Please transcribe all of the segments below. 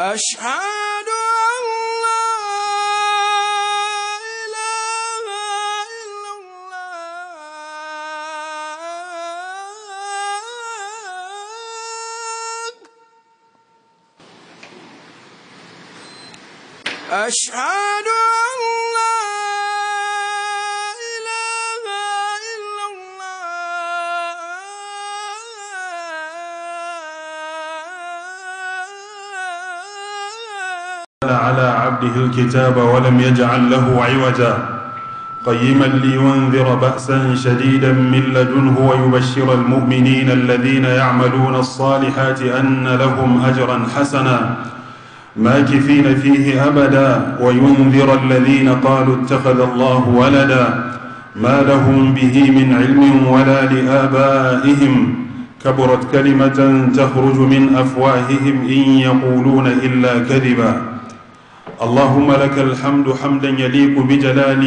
أشهد أن لا إله إلا الله أشهد الكتاب ولم يجعل له عوجا قيما لينذر بأسا شديدا من لدنه ويبشر المؤمنين الذين يعملون الصالحات أن لهم أجرا حسنا ماكثين فيه أبدا وينذر الذين قالوا اتخذ الله ولدا ما لهم به من علم ولا لآبائهم كبرت كلمة تخرج من أفواههم إن يقولون إلا كذبا اللهم لك الحمد حمدا يليق بجلال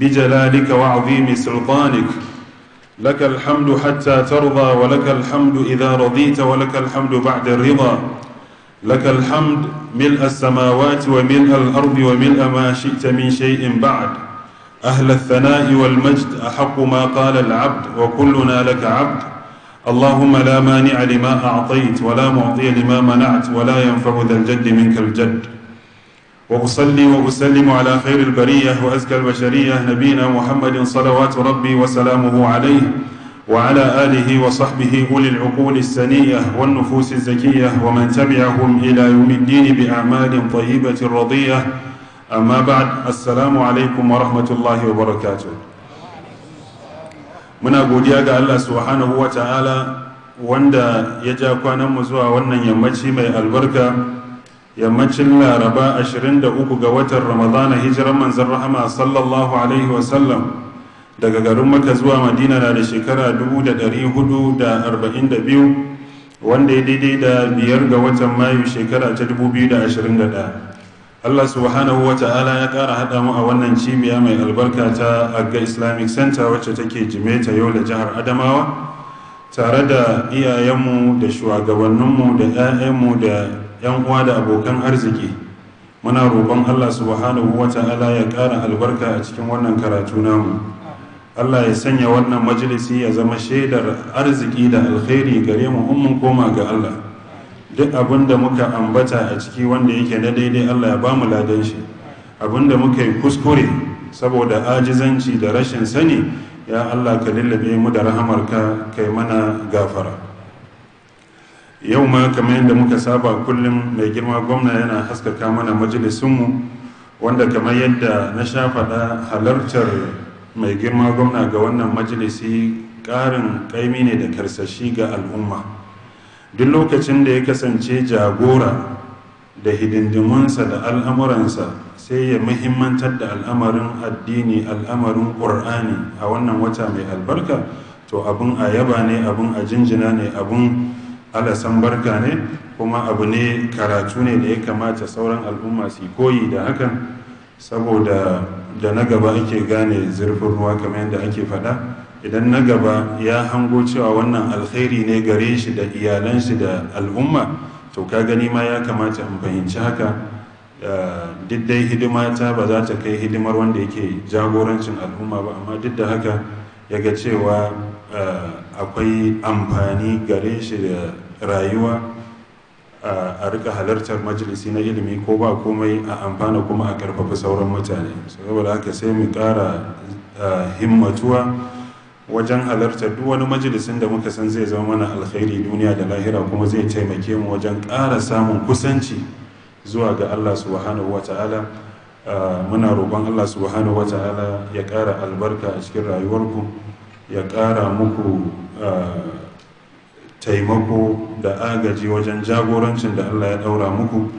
بجلالك وعظيم سلطانك لك الحمد حتى ترضى ولك الحمد إذا رضيت ولك الحمد بعد الرضا لك الحمد ملء السماوات وملء الأرض وملء ما شئت من شيء بعد أهل الثناء والمجد أحق ما قال العبد وكلنا لك عبد اللهم لا مانع لما أعطيت ولا معطي لما منعت ولا ينفع ذا الجد منك الجد وأصلي وأسلم على خير البرية وأزكى البشرية نبينا محمد صلوات ربي وسلامه عليه وعلى آله وصحبه أولي العقول السنية والنفوس الزكية ومن تبعهم إلى يوم الدين بأعمال طيبة رضية أما بعد السلام عليكم ورحمة الله وبركاته من أقول يا الله سبحانه وتعالى wanda يجاكوانا مزوى kwananmu zuwa wannan البركة yammacin laraba 23 ga watan ramadana hijiran manzan rahama sallallahu alaihi wasallam daga garin maka zuwa madina na da shekara 442 wanda ya daidai da biyar ga watan mayu shekara ta 2021 allah subhanahu wa ta'ala ya kara hada mu a wannan cibiya mai albarka ta agga islamic center wacce take jimeta yau da jihar adamawa tare da iyayenmu da shugabanninmu da 'ya'yanmu da 'yan uwa da abokan arziki muna roƙon allah subhanahu wa ala ya ƙara albarka a cikin wannan karatu namu allah ya sanya wannan majalisi ya zama shaidar arziki da alkhairi gare mu mun koma ga allah duk abin da muka ambata a ciki wanda yake na daidai allah ya ba mu ladan shi abin da muka yi kuskure saboda ajizanci da rashin sani ya allah ka lullube mu da rahamarka kai mana gafara yau ma kamar yadda muka saba kullum mai girma gwamna yana haskaka mana majalisunmu wanda kamar yadda na sha faɗa halartar mai girma gwamna ga wannan majalisi ƙarin ƙaimi ne da karsashi ga al'umma duk lokacin da ya kasance jagora da hidindimunsa da al'amuransa sai ya muhimmantar da al'amarin addini al'amarin ƙur'ani a wannan wata mai albarka to abin a yaba ne abin a jinjina ne abin san barka ne kuma abu ne karatu ne da ya kamata sauran al'umma su koyi da hakan saboda da na gaba ake gane zurfin ruwa kamar yadda ake faɗa idan na gaba ya hango cewa wannan alkhairi ne gare shi da iyalan shi da al'umma to ka gani ma ya kamata in fahimci haka eh, duk dai hidima ta ba za ta kai hidimar wanda yake jagorancin al'umma ba amma duk da haka ya ga cewa eh, akwai amfani gare shi da rayuwa a rika halartar majalisi na ilimi ko ba komai a amfana kuma a karfafa sauran mutane saboda haka sai mu kara himmatuwa wajen halartar duk wani majalisin da muka san zai zama mana alkhairi duniya da lahira kuma zai taimake mu wajen ƙara samun kusanci zuwa ga Allah subhanahu wata'ala muna roƙon Allah subhanahu wata'ala ya ƙara albarka a cikin rayuwarku ya ƙara muku taimako da agaji wajen jagorancin da Allah ya ɗaura muku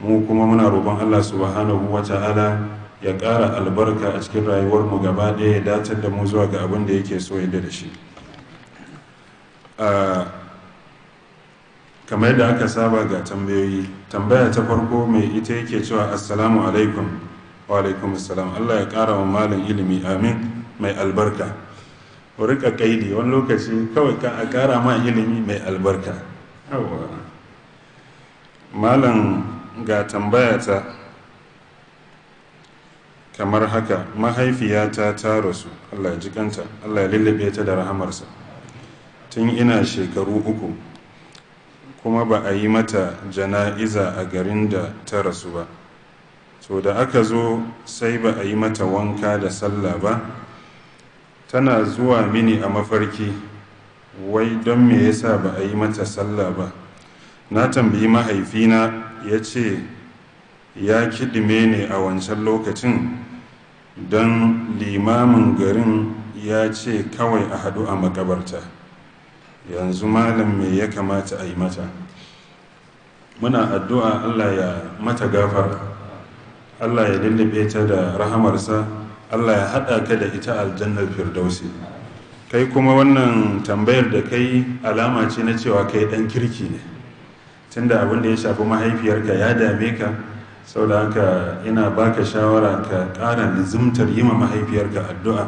mu kuma muna roƙon Allah subhanahu wa ta'ala ya ƙara albarka a cikin rayuwar mu gaba ɗaya ya datar da mu zuwa ga abin da yake so yadda da shi ah, kamar yadda aka saba ga tambayoyi tambaya ta farko mai ita yake cewa assalamu alaikum wa alaikum assalam Allah ya ƙara wa malin ilimi amin mai albarka rika kaidi wani lokaci kawai ka a ƙara ma ilimi mai albarka malam ga tambaya ta kamar haka mahaifiyata ta rasu allah ji kanta allah ya lullube ta da rahamarsa tun ina shekaru uku kuma ba a yi mata jana'iza a garin da ta rasu ba to da aka zo sai ba a yi mata wanka da sallah ba tana zuwa mini a mafarki wai don me yasa ba a yi mata sallah ba na tambayi mahaifina ya ce ya kiɗime ne a wancan lokacin don limamin garin ya ce kawai a haɗu a makabarta yanzu malam me ya kamata a yi mata muna addu'a allah ya mata gafar, allah ya lullube ta da rahamarsa Allah ya haɗa ka da ita aljannar firdausi kai kuma wannan tambayar da kai alama ce na cewa kai ɗan kirki ne tunda abin da ya shafi mahaifiyarka ya dame ka sau da haka ina baka shawara ka ƙara nizimtar yi ma mahaifiyarka addu'a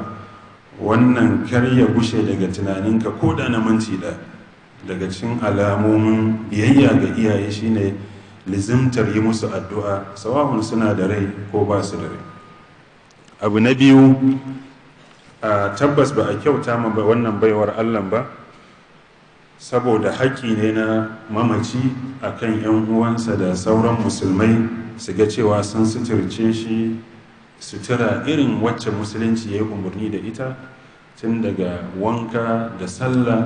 wannan karya ya gushe daga tunaninka ko da na manci da daga cin alamomin biyayya ga iyaye shine lizimtar yi musu addu'a sawa'un suna da rai ko ba su da rai abu na biyu a tabbas ba a kyauta ma wannan baiwar allah ba saboda haƙƙi ne na mamaci a kan 'yan uwansa da sauran musulmai su ga cewa sun suturce shi sutura irin wacce musulunci ya yi umarni da ita tun daga wanka da sallah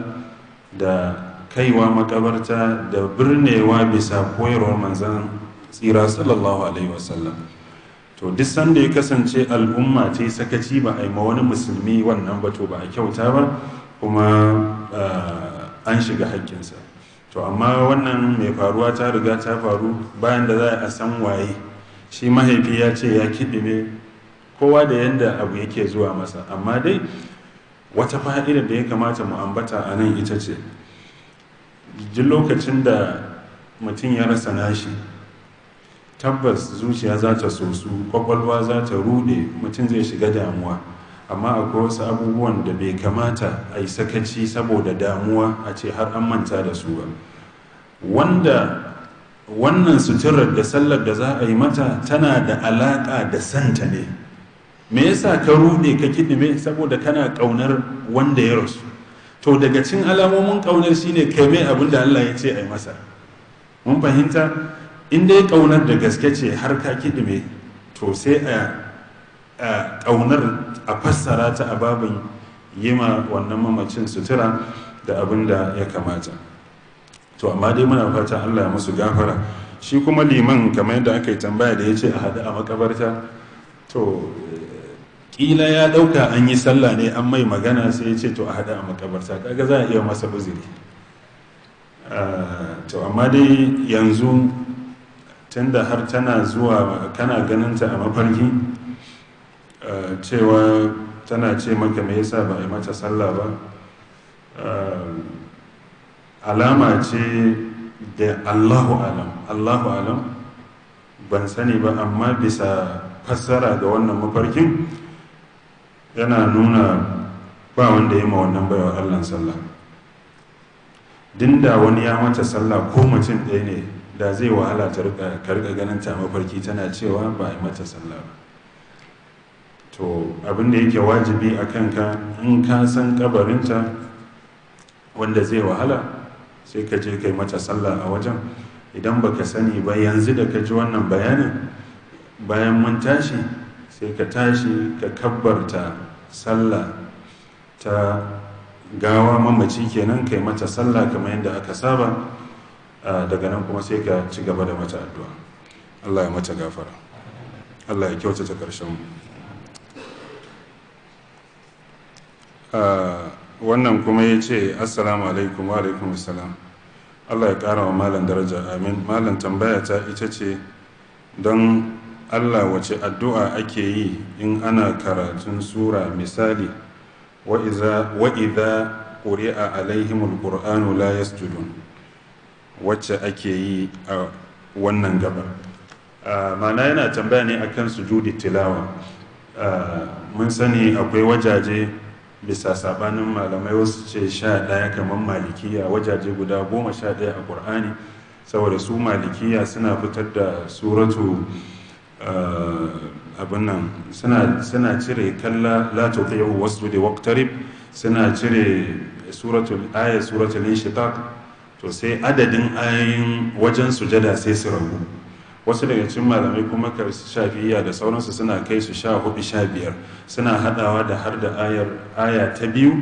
da kaiwa makabarta da birnewa bisa koyarwar manzan tsira sallallahu alaihi wasallam to duk sanda ya kasance al'umma ce sakaci ba a yi ma wani musulmi wannan ba to ba a kyauta ba kuma eh, an shiga haƙƙinsa to amma wannan mai faruwa ta riga ta faru bayan da za a san waye shi mahaifi ya ce ya kiɗime kowa da yadda abu yake zuwa masa amma dai wata fa'ida da ya kamata mu ambata a nan ita ce jin lokacin da mutum ya rasa nashi tabbas zuciya za ta sosu kwakwalwa za ta rude mutum zai shiga damuwa amma akwai wasu abubuwan da bai kamata a yi sakaci saboda damuwa a ce har an manta da su ba wanda wannan suturar da sallar da za a yi mata tana da alaƙa da santa ne me yasa ka rude ka kiɗime saboda kana ƙaunar wanda ya rasu to daga cin alamomin ƙaunar shine kai mai abin da allah ya ce a yi masa mun fahimta in dai kaunar da gaske ce har ka kidime to sai a ƙaunar a fassara ta a yi ma wannan mamacin sutura da abin da ya kamata to amma dai muna fata allah ya musu gafara shi kuma liman kamar yadda aka yi tambaya da ya ce a haɗu a makabarta to ƙila ya ɗauka an yi sallah ne an mai magana sai ya ce to a haɗu a makabarta kaga za a iya masa uzuri ah, to amma dai yanzu tunda har tana zuwa kana ganinta a mafarki eh, cewa tana ce maka mai yasa ba a mata sallah ba eh, alama ce da allahu alam allahu alam ban sani ba amma bisa fassara ga wannan mafarkin yana nuna ba wanda ya ma wannan baiwa allah sallah dinda wani ya mata sallah ko mutum ɗaya ne da zai wahala ta rika ganin ta mafarki tana cewa ba a mata sallah ba to abin da yake wajibi a kanka in ka san kabarinta wanda zai wahala sai ka je kai mata sallah a wajen idan baka sani ba yanzu da ka ji wannan bayanin bayan mun tashi sai ka tashi ka kabbarta sallah ta gawa mamaci kenan kai mata sallah kamar yadda aka saba Ah, daga nan kuma sai ka ci gaba da mata addu'a Allah ya mata gafara Allah ya kyautata karshen mu ah, wannan kuma ya ce assalamu alaikum wa alaikum assalam Allah ya ƙara wa malam daraja amin malam tambaya ta ita ce don Allah wace addu'a ake yi in ana karatun sura misali wa iza ƙuri'a alaihimul qur'anu la yasjudun wacce ake yi a wannan gaba ah, Ma'ana yana tambaya ne a kan sujudi tilawa ah, mun sani akwai wajaje bisa sabanin malamai wasu ce sha ɗaya kamar malikiya wajaje guda goma sha ɗaya a ƙur'ani saboda su malikiya suna fitar da suratu ah, abin nan suna cire kalla la wasu da waktarib suna cire suratul aya suratul inshiqaq to sai adadin ayoyin wajen sujada sai su ragu wasu daga cikin malamai kuma karsu shafiya da sauransu suna kai su sha hudu sha biyar suna hadawa da har da ayar aya ta biyu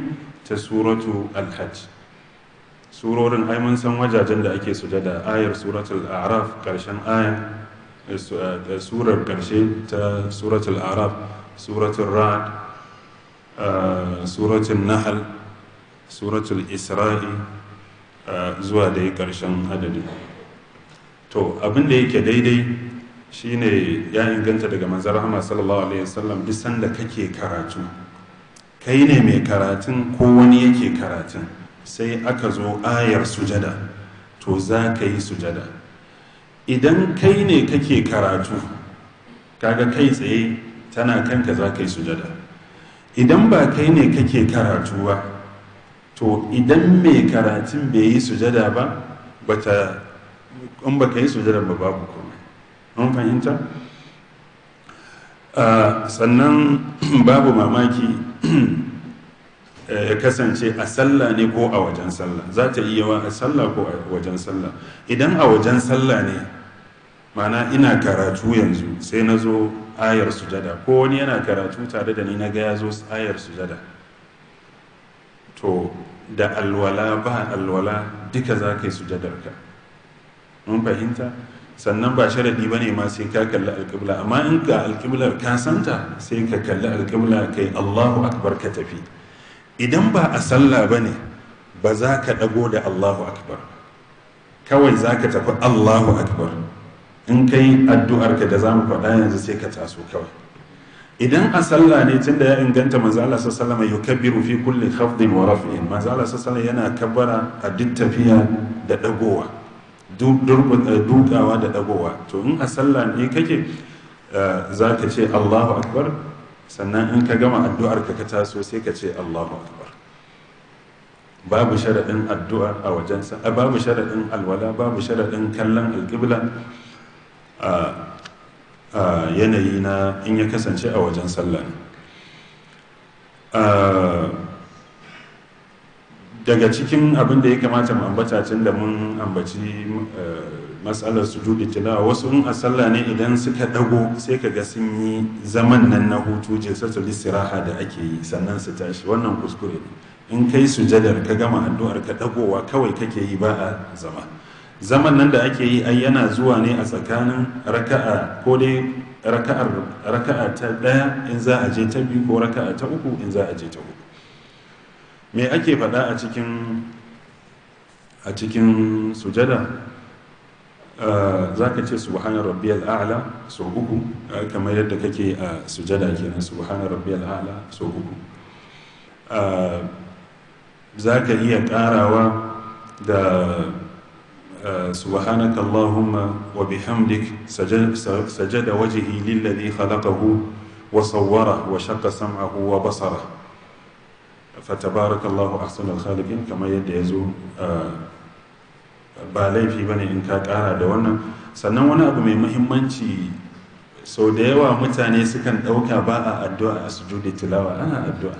ta suratu alhajj surorin ai mun san wajajen da ake sujada ayar suratul araf karshen ayan eh, eh, surar karshe ta suratul araf suratul ra'd eh, suratul Nahal, suratul isra'i zuwa da ya ƙarshen adadi to abin da yake daidai shine ya inganta daga manzara hama sallallahu alaihi wasallam bisan da kake karatu kai ne mai karatun ko wani yake karatun sai aka zo ayar sujada to za ka yi sujada idan kai ne kake karatu kaga kai tsaye tana kanka za ka yi sujada idan ba kai ne kake karatu ba to idan mai karatun bai yi sujada ba bata in baka yi sujada ba babu komai an fahimta ah, sannan babu mamaki eh, ya kasance a sallah ne ko a wajen sallah za ta iya wa a sallah ko a wajen sallah idan a wajen sallah ne mana ina karatu yanzu sai na zo ayar sujada ko wani yana karatu tare da ni na ga ya zo ayar sujada to da alwala ba alwala duka za ka yi sujadarka mun fahimta sannan ba sharadi ba ne ma sai ka kalli alkibla. amma in ka alkiblar ka santa sai ka kalli alkibla ka yi allahu akbar ka tafi idan ba a sallah ba ne ba za ka ɗago da allahu akbar kawai za ka tafi allahu akbar in ka yi addu'arka da za mu faɗa yanzu sai ka taso kawai idan a sallah ne tunda ya inganta manzo Allah sallallahu alaihi wasallam fi kulli khafdin wa raf'in manzo Allah sallallahu yana kabbara a duk tafiya da dagowa dukawa eh, da dagowa to in a sallah ne kake eh, za ka ce Allahu akbar sannan in ka gama addu'ar ka ka taso sai ka ce Allahu akbar babu sharaɗin addu'a a wajensa eh, babu sharaɗin alwala babu sharaɗin kallon alƙibla ah, yanayi na in ya kasance a wajen sallah daga cikin abin da ya kamata mu ambata tun da mun ambaci eh, matsalar su dubi tila wasu in a sallah ne idan suka dago sai ka sun yi zaman nan na hutu jinsatul siraha da ake yi sannan su tashi wannan kuskure in kai sujadar ka gama addu'ar ka dagowa kawai kake yi ba a zama zaman nan da ake yi ai yana zuwa ne a tsakanin raka'a ko dai raka'ar raka'a ta ɗaya in za a je ta biyu ko raka'a ta uku in za a je ta uku me ake faɗa a cikin a cikin sujada ah, za ka ce subhana rabbiyal a'la sau uku ah, kamar yadda kake a sujada kenan subhana rabbiyal a'la sau uku ah, za ka iya ƙarawa da سبحانك اللهم وبحمدك سجد, سجد وجهي للذي خلقه وصوره وشق سمعه وبصره فتبارك الله ba laifi ba ne in ka kara da wannan sannan wani abu mai muhimmanci sau da yawa mutane sukan ɗauka ba a addu'a a sujudi tilawa ana addu'a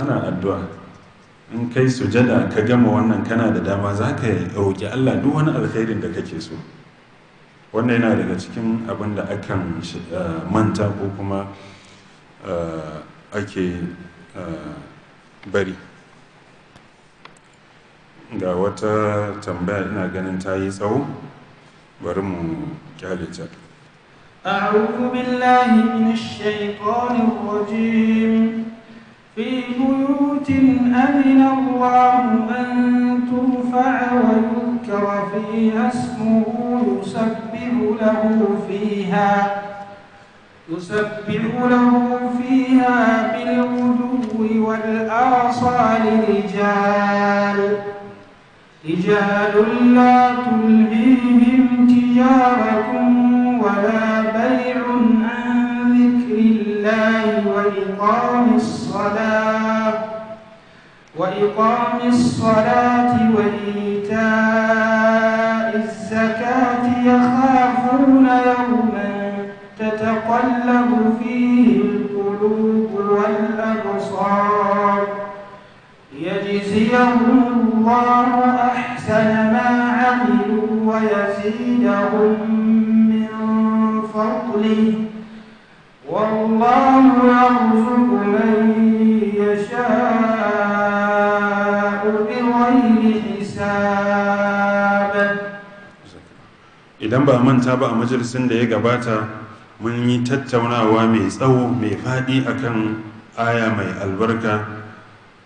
ana addu'a in kai sujada ka gama wannan kana da dama za ka roƙi allah duk wani alkhairin da kake so wannan yana daga cikin abin da akan eh, manta ko kuma eh, ake eh, bari ga wata tambaya ina ganin ta yi tsawo bari mu kyale ta أعوذ بالله من الشيطان الرجيم في بيوت أمن الله أن ترفع ويذكر فيها اسمه يسبح له فيها يسبح له فيها بالغدو والآصال رجال رجال لا تلهيهم تجارة ولا بيع عن ذكر الله وإقام الصلاة الصلاة وإقام الصلاة وإيتاء الزكاة يخافون يوما تتقلب فيه القلوب والأبصار يجزيهم الله أحسن ما عملوا ويزيدهم idan ba manta ba a majalisun da ya gabata mun yi tattaunawa mai tsawo mai faɗi akan aya mai albarka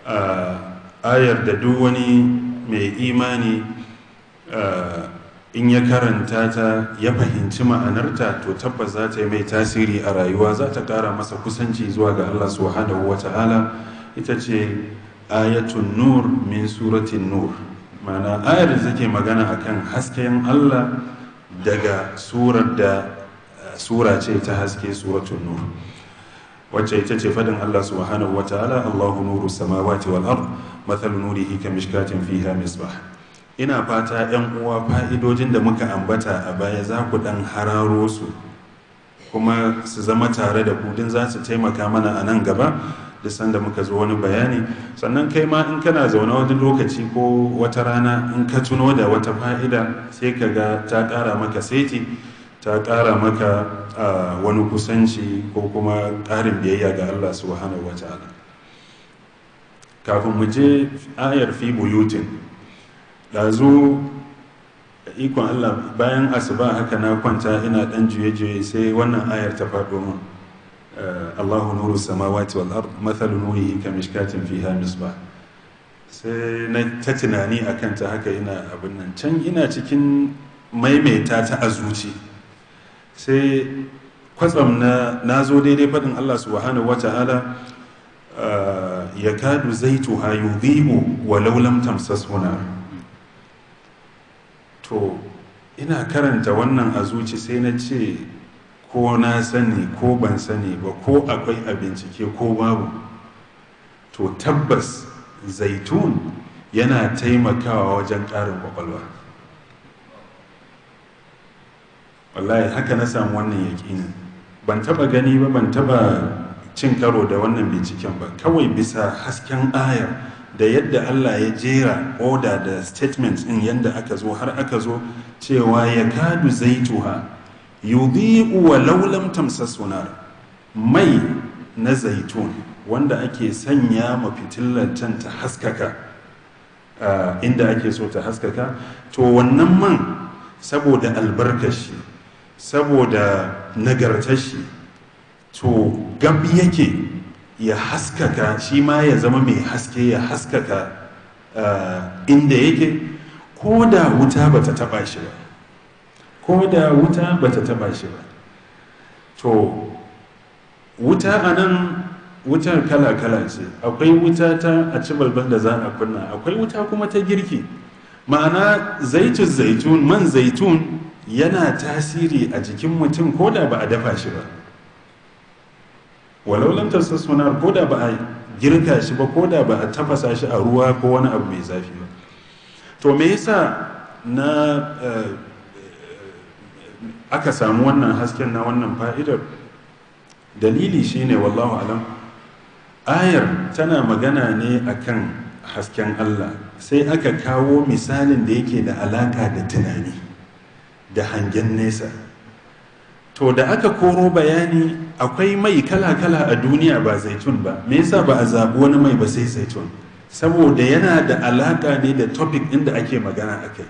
A ayar da duk wani mai imani in ya karanta ta ya fahimci ma'anarta to tabbas za ta yi mai tasiri a rayuwa za ta ƙara masa kusanci zuwa ga allah subhanahu wa ta'ala ita ce ayatun nur min suratin nur ma'ana ayar da take magana akan hasken allah daga surar da eh, sura ce ta haske suratun nur wacce ita ce fadin Allah subhanahu wa ta'ala Allahu nuru samawati wal ard mathal nurihi kamishkatin fiha misbah ina fata yan uwa fa'idojin da muka ambata a baya za ku dan hararo su kuma su zama tare da ku din za su taimaka mana a nan gaba da sanda muka zo wani bayani sannan kai ma in kana zaune wani lokaci ko wata rana in ka tuno da wata fa'ida sai ka ga ta ƙara maka saiti ta ƙara maka wani kusanci ko kuma ƙarin biyayya ga Allah wahana wata ala kafin mu je ayar fi buyutin ɗazu ikon Allah bayan asuba haka na kwanta ina ɗan juye-juye sai wannan ayar ta faɗo min Allahu nuru samawati wal ard mathalu nurihi kamishkatin fiha misbah sai na ta tunani akan ta haka ina abin nan can ina cikin maimaita ta a zuci sai kwatsam na zo daidai faɗin Allah wata hala ya kadu zaituha yudhibu walau lam tamsashu to ina karanta wannan a zuci sai na ce ko na sani ko ban sani ba ko akwai a bincike ko babu to tabbas zaitun yana taimakawa wajen ƙarin kwakwalwa wallahi haka na samu wannan yaƙini ban taba gani ba ban taba cin karo da wannan binciken ba kawai bisa hasken ayar da yadda Allah ya jera order da statements in yadda aka zo har aka zo cewa ya kadu zaituha yubi wa laulam tamsas mai na zaitun wanda ake sanya ma fitilar ta haskaka ah, inda ake so ta haskaka to wannan man saboda albarkashi saboda nagartashi to gab yake ya haskaka shi ma ya zama mai haske ya haskaka ah, inda yake ko da wuta ba ta taba shi ba ko da wuta ba ta taba shi ba to wuta a nan wutar kala-kala ce akwai wuta ta a ci balban da za a kunna akwai wuta kuma ta girki ma'ana zaitun zaitun man zaitun yana tasiri a jikin mutum ko da ba a dafa shi ba walaulantar lantar sassunar ko da ba a girka shi ba ko da ba a tafasa shi a ruwa ko wani abu mai zafi ba to me yasa na eh, aka samu wannan hasken na wannan fa'idar dalili shi ne wallahu alam ayar tana magana ne akan hasken Allah sai aka kawo misalin da yake da alaka da tunani da hangen nesa to da aka koro bayani akwai mai kala-kala a duniya ba zaitun ba me yasa ba a zabi wani mai ba sai zaitun saboda yana da alaka ne da topic inda ake magana akai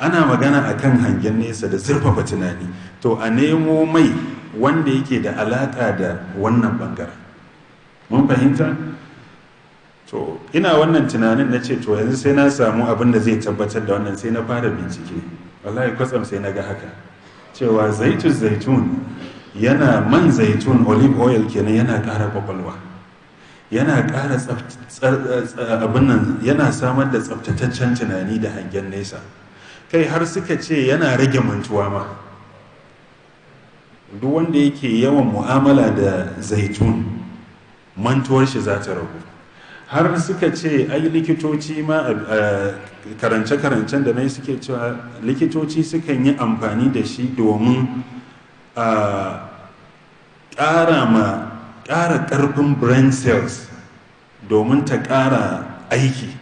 ana magana a kan hangen nesa da zurfafa tunani to a nemo mai wanda yake da alaƙa da wannan ɓangaren. mun fahimta to ina wannan tunanin na ce to yanzu sai na samu abin da zai tabbatar da wannan sai na fara bincike wallahi kwatsam sai na ga haka cewa zaitun zaitun yana man zaitun olive oil kenan yana ƙara kwakwalwa yana ƙara abin yana samar da tsaftataccen tunani da hangen nesa kai har suka ce yana rage mantuwa ma duk wanda yake yawan mu'amala da zaitun mantuwar shi za ta ragu har suka ce ai likitoci ma eh, karance-karancen da mai suke cewa likitoci sukan yi amfani da shi domin a ƙara ma ƙara ƙarfin brain cells domin ta ƙara aiki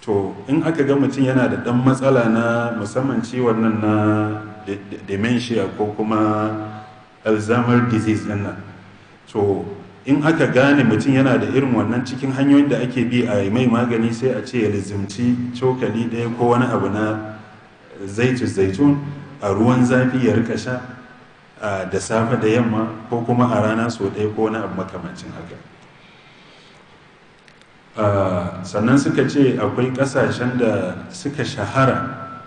to in aka ga mutum yana da ɗan matsala na musamman ciwon nan na dementia ko kuma alzheimer disease ɗin nan to in aka gane mutum yana da irin wannan cikin hanyoyin da ake bi a mai magani sai a ce ya lizimci cokali ɗaya ko wani abu na zaitun zaitun a ruwan zafi ya rika sha da safe da yamma ko kuma a rana sau ɗaya ko wani abu makamancin haka Ah, sannan suka ce akwai ƙasashen da suka shahara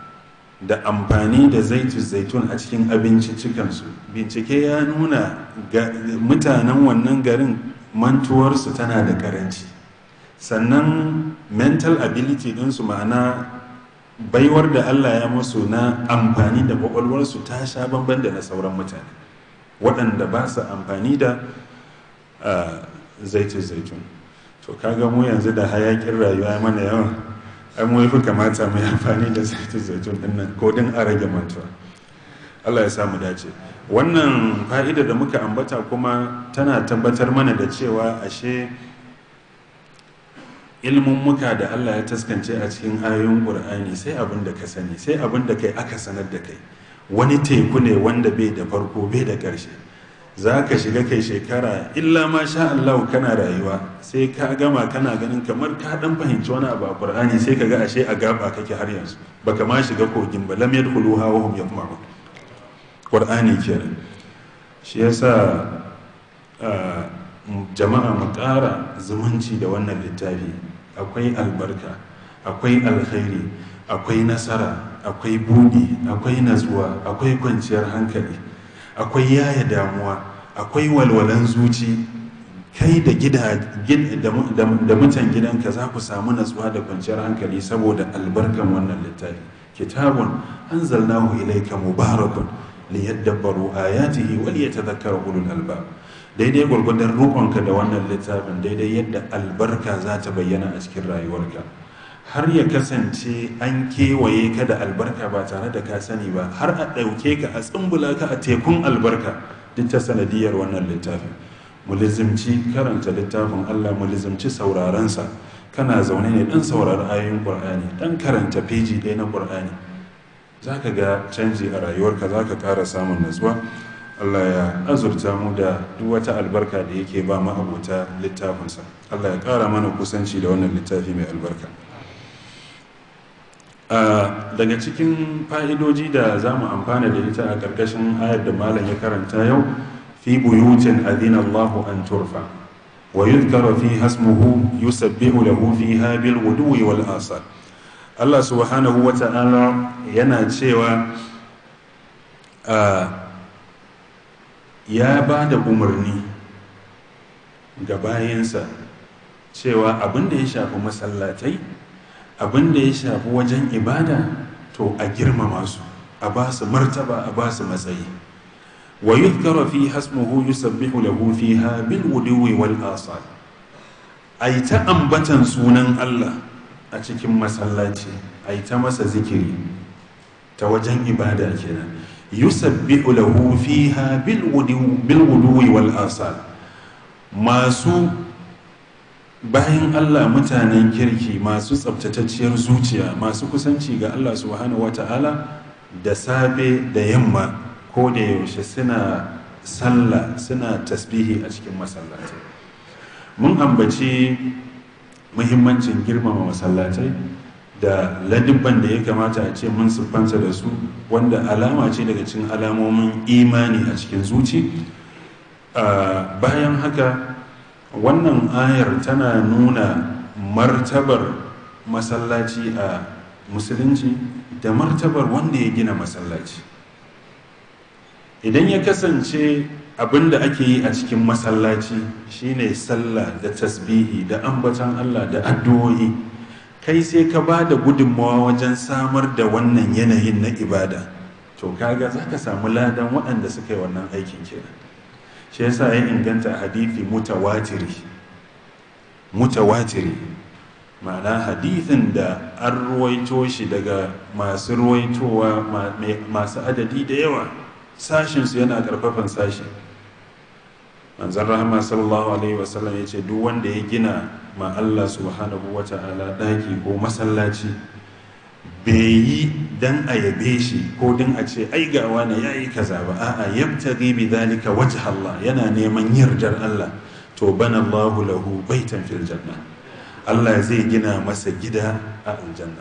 da amfani da zaitun zaitun a cikin abinci cikinsu, bincike ya nuna mutanen wannan garin mantuwarsu tana da karanci sannan mental ability ɗinsu ma'ana baiwar da allah ya musu na amfani da kwakwalwarsu ta sha bamban da na sauran mutane waɗanda ba su amfani da ah, zaitun zaitun to kaga mu yanzu da hayakin rayuwa mana yawan ai mu yafi kamata mu amfani da zaitun zaitun din nan ko din a rage mantuwa Allah ya sa mu dace wannan fa'ida da muka ambata kuma tana tabbatar mana da cewa ashe ilmin muka da Allah ya taskance a cikin ayoyin Qur'ani sai abin da ka sani sai abin da kai aka sanar da kai wani teku ne wanda bai da farko bai da ƙarshe za ka shiga kai shekara illa ma sha Allah kana rayuwa sai ka gama kana ganin kamar ka dan fahimci wani abu a Qur'ani sai ka ga ashe a gaba kake har yanzu baka ma shiga kogin ba lam ha wa hum yatma'un Qur'ani kenan shi yasa jama'a mu ƙara zumunci da wannan littafi akwai albarka akwai alkhairi akwai nasara akwai buɗi akwai natsuwa akwai kwanciyar hankali akwai yaya damuwa akwai walwalan zuci kai da da mutan gidanka za ku samu natsuwa da kwanciyar hankali saboda albarkan wannan littafi kitabun anzalnahu ilaika mubarakun ya ayatihi wa liyatadhakkara ulul albab daidai gwargwadon rukonka da wannan littafin daidai yadda albarka za ta bayyana a cikin rayuwarka har ya kasance an kewaye ka da albarka ba tare da ka sani ba har a ɗauke ka a tsumbula ka a tekun albarka duk ta sanadiyar wannan littafi mulizimci karanta littafin allah mulizimci saurarensa kana zaune ne dan saurari ayoyin ƙur'ani dan karanta feji ɗaya na ƙur'ani za ka ga canji a rayuwarka za ka ƙara samun natsuwa allah ya azurta mu da duk wata albarka da yake ba ma abota littafinsa allah ya kara mana kusanci da wannan littafi mai albarka daga cikin fa'idoji da za mu amfana da ita a ƙarƙashin ayar da malam ya karanta yau fi buyutin adina Allahu an turfa wa karo fi hasmuhu yusabbihu da hufi Habil, wuduwi wal asal Allah subhanahu wa ta'ala yana cewa ya ba da umarni ga bayansa cewa abinda ya shafi masallatai abin da ya shafi wajen ibada to a girmama su a ba su martaba a ba su matsayi wa yi fi hasmuhu yusabbihu lahu fiha bil wuduwi wal asal yi ta ambatan sunan Allah a cikin masallaci yi ta masa zikiri ta wajen ibada kenan yusabbihu lahu fiha bil wuduwi wal asal masu bayan allah mutanen kirki masu tsabtatacciyar zuciya masu kusanci ga allah subhanahu wata'ala da safe da yamma ko da yaushe suna sallah suna tasbihi a cikin masallatai mun ambaci muhimmancin girmama masallatai da ladibban da ya kamata a ce mun siffanta da su wanda alama ce daga cikin alamomin imani a cikin zuci ah, bayan haka wannan ayar tana nuna martabar masallaci a musulunci da martabar wanda ya gina masallaci idan ya kasance abin da ake yi a cikin masallaci shine sallah da tasbihi da ambatan allah da addu'o'i kai sai ka ba da gudunmawa wajen samar da wannan yanayin na ibada to kaga za ka samu ladan waɗanda suka yi wannan aikin kenan shi yasa ya inganta hadithi mutawatiri mutawatiri ma'ana hadithin da an ruwaito shi daga masu ruwaitowa masu adadi da yawa sashinsu yana karfafan sashi manzan rahama sallallahu alaihi wasallam ya ce duk wanda ya gina ma Allah subhanahu wa ta'ala ɗaki ko masallaci bai yi dan a yabe shi ko dan a ce ai ga wani yayi kaza ba a'a yabtaghi bi dalika wajh Allah yana neman yardar Allah to bana Allahu lahu baitan fil janna Allah zai gina masa gida a aljanna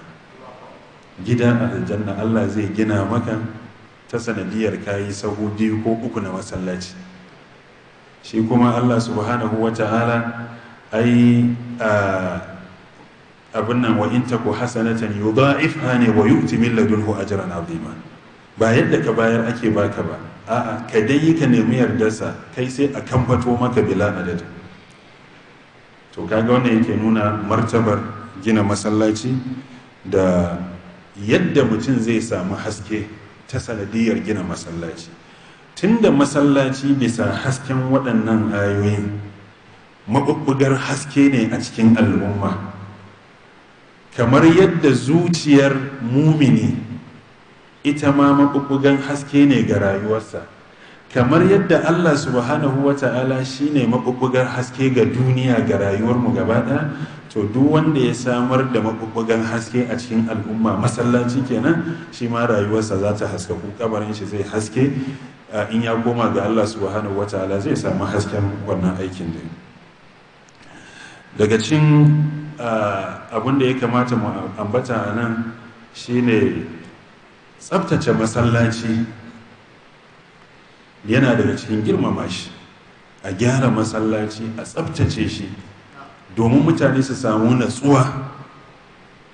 gida a aljanna Allah zai gina maka ta sanadiyar kayi sahu biyu ko uku na masallaci shi kuma Allah subhanahu wata'ala ai abin nan wa in taku hasanatan yudha'ifha ne wa yu'ti min ladunhu ajran azima ba yadda ka bayar ake baka ba a'a ka dai ka nemi yardarsa kai sai a kambato maka bila adad to kaga wannan yake nuna martabar gina masallaci da yadda mutum zai samu haske ta sanadiyar gina masallaci tunda masallaci bisa hasken waɗannan ayoyin maɓuɓɓugar haske ne a cikin al'umma kamar yadda zuciyar mumini ita ma maɓuɓɓugan haske ne ga rayuwarsa kamar yadda allah subhanahu wa ta'ala shi ne maɓuɓɓugar haske ga duniya ga rayuwarmu gaba ɗaya to duk wanda ya samar da maɓuɓɓugan haske a cikin al'umma masallaci kenan shi ma rayuwarsa za ta ku kabarin shi zai haske in ya goma ga allah subhanahu wa ta'ala zai samu hasken wannan aikin da daga cikin Eh, abin da ya kamata mu ambata a nan shine tsabtace masallaci yana daga cikin girmama shi a gyara masallaci a tsabtace shi domin mutane su samu natsuwa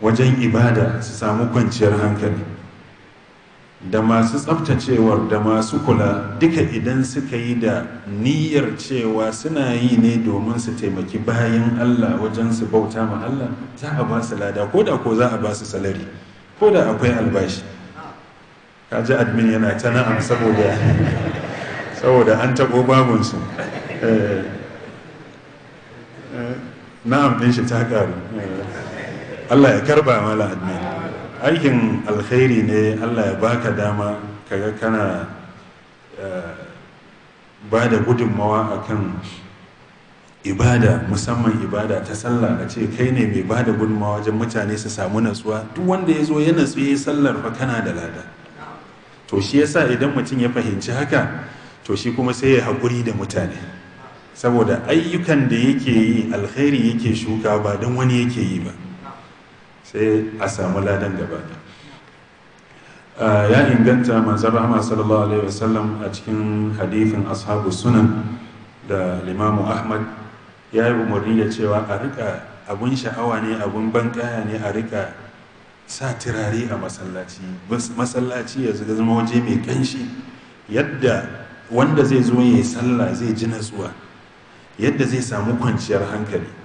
wajen ibada su samu kwanciyar hankali da masu tsaftacewar da masu kula duka idan suka yi da niyyar cewa suna yi ne domin su taimaki bayan Allah wajen su bauta ma Allah za a ba su lada ko da ko za a ba su salari ko da akwai albashi kaji admin yana ta na'am saboda an tabo babunsu eh, eh, na'am ɗin shi ta karu eh, Allah ya karba mala admin aikin alkhairi ne allah ya baka dama kaga kana eh, ba da gudunmawa a kan ibada musamman ibada ta sallah a ce kai ne mai ba da gudunmawa wajen mutane su samu natsuwa duk wanda ya zo ya natsu ya sallar fa kana da lada to shi yasa idan mutum ya fahimci haka to shi kuma sai ya haƙuri da mutane saboda ayyukan da yake yi alkhairi yake shuka ba don wani yake yi ba sai a samu ladan gaba ya inganta manzan rahama sallallahu alaihi wasallam a cikin hadifin ashabu sunan da limamu ahmad ya yi umarni da cewa a rika abun sha'awa ne abun bankaya ne a rika sa turare a masallaci masallaci ya zama waje mai kanshi yadda wanda zai zo ya yi sallah zai ji natsuwa yadda zai samu kwanciyar hankali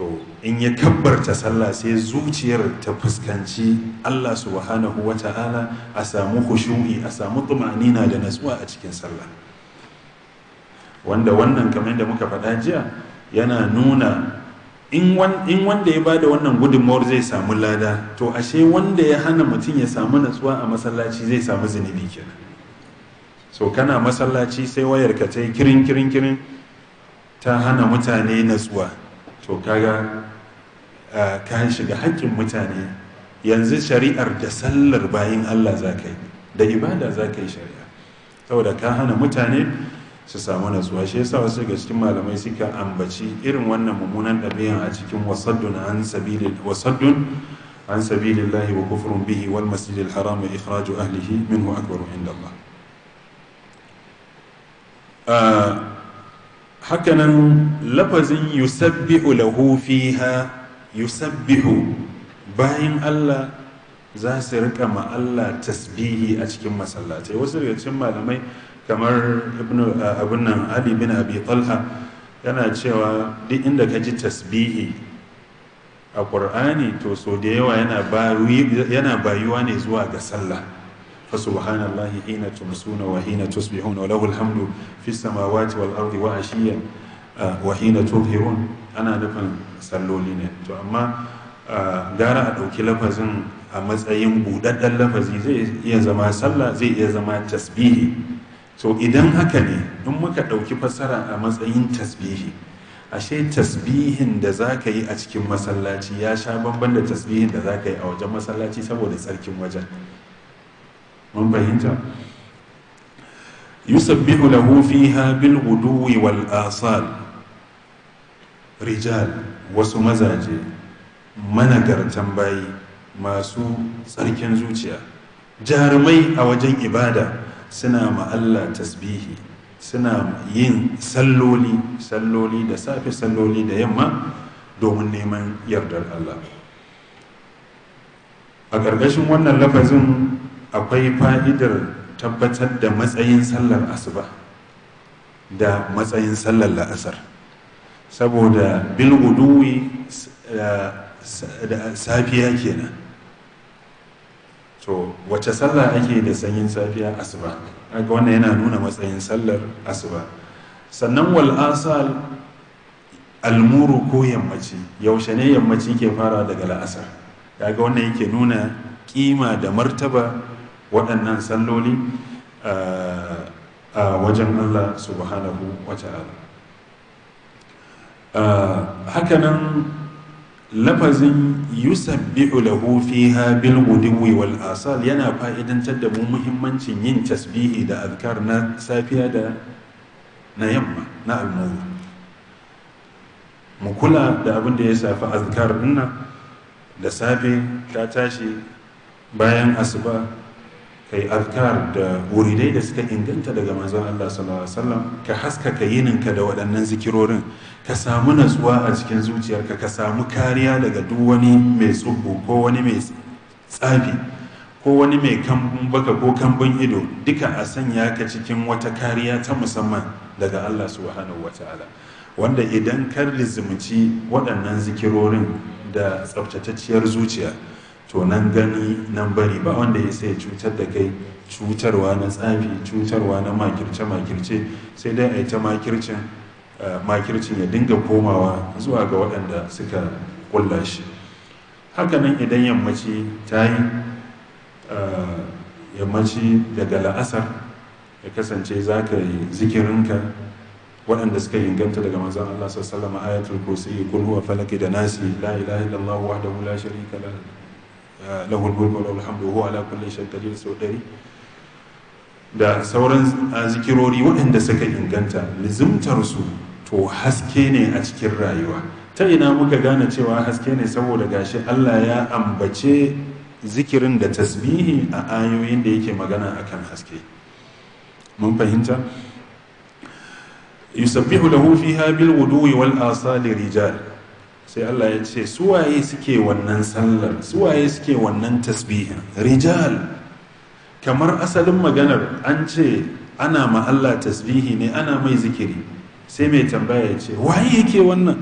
to in ya kabbarta sallah sai zuciyar ta fuskanci Allah subhanahu wa ta'ala a samu khushu'i a samu tumanina da natsuwa a cikin sallah wanda wannan kamar da muka faɗa jiya yana nuna in wanda ya bada wannan gudunmawar zai samu lada to ashe wanda ya hana mutum ya samu natsuwa a masallaci zai samu zunubi kenan so kana masallaci sai wayar ta yi kirin kirin kirin ta hana mutane natsuwa to kaga eh, ka shiga hakkin mutane yanzu shari'ar da sallar bayin Allah za ka yi da ibada za ka yi shari'a saboda ka hana mutane su samu natsuwa shi yasa wasu daga cikin malamai suka ambaci irin wannan mummunan ɗabi'a a cikin wasaddun an sabilin wasaddun an sabilillahi wa kufrun bihi wal masjidil haram wa ikhraju ahlihi minhu akbaru inda Allah eh, hakanan lafazin yusabbihu lahu fiha yusabbihu bayan Allah za su rika ma Allah tasbihi a cikin masallatai wasu daga cikin malamai kamar abin nan Ali bin Abi Talha yana cewa duk inda ka ji tasbihi a qur'ani to so da yawa yana bayuwa ne zuwa ga sallah فسبحان الله حين تمسون وحين تصبحون وله الحمد في السماوات والأرض وعشيا وحين تظهرون أنا نفن سلولين to أما uh, gara a ɗauki lafazin a matsayin buɗaɗɗen lafazi zai iya zama sallah zai iya zama tasbihi so idan haka ne in muka ɗauki fassara a matsayin tasbihi ashe tasbihin da za ka yi a cikin masallaci ya sha bamban da tasbihin da za ka yi a wajen masallaci saboda tsarkin wajen mun fahimta yusabbihu lahu fiha bil guduwi wal asal rijal wasu mazaje managartan bayi masu tsarkin zuciya jarumai a wajen ibada suna ma Allah tasbihi suna yin salloli salloli da safe salloli da yamma domin neman yardar Allah a ƙarƙashin wannan lafazin akwai fa'idar tabbatar da matsayin sallar asuba da matsayin sallar la'asar saboda bilguduwi eh, da safiya kenan to wace sallar ake da sanyin safiya asuba aga wannan yana nuna matsayin sallar asuba sannan wal'asa almuru ko yammaci yaushe ne yammaci ke fara daga la'asar daga wannan yake nuna kima da martaba waɗannan salloli a wajen allah subhanahu wa ta'ala hakanan lafazin yusuf lahu fiha bil guduwi wal asal yana fa'idantar da mu muhimmancin yin tasbihi da azkar na safiya da na yamma na almuru mu kula da abin da ya safi azkar nuna da safe ta tashi bayan asuba kai azkar da wuridai da suka inganta daga manzon Allah sallallahu alaihi wasallam ka haskaka yininka da waɗannan zikirorin ka samu natsuwa a cikin zuciyarka ka samu kariya daga duk wani mai tsubu ko wani mai tsafi ko wani mai kambun baka ko kambun ido duka a sanya ka cikin wata kariya ta musamman daga Allah subhanahu wataala wanda idan ka lizimci waɗannan zikirorin da tsaftatacciyar zuciya to nan gani nan bari ba wanda ya sai cutar da kai cutarwa na tsafi cutarwa na makirce-makirce sai dai a yi ta makircin eh, ya dinga komawa zuwa ga waɗanda suka kulla shi hakanan idan yammaci ta yi eh, yammaci daga la'asar ya kasance za ka yi zikirinka waɗanda suka yi inganta daga manzon Allah sallallahu ayatul kursi kulhuwa falaki da nasi la ilaha illallah wahdahu la sharika Eh, lahul mulku wa alhamdu huwa ala kulli shay'in qadir sau ɗari. da sauran eh, zikirori waɗanda suka inganta lizimtar su to haske ne a cikin rayuwa ta ina muka gane cewa haske ne saboda gashi Allah ya ambace zikirin da tasbihi a ayoyin da yake magana akan haske mun fahimta yusabbihu lahu fiha bil wudu wal asali rijal sai Allah ya ce suwaye suke wannan sallar suwaye suke wannan tasbihin rijal kamar asalin maganar an ce ana ma Allah tasbihi ne ana mai zikiri sai mai tambaya ya ce waye yake wannan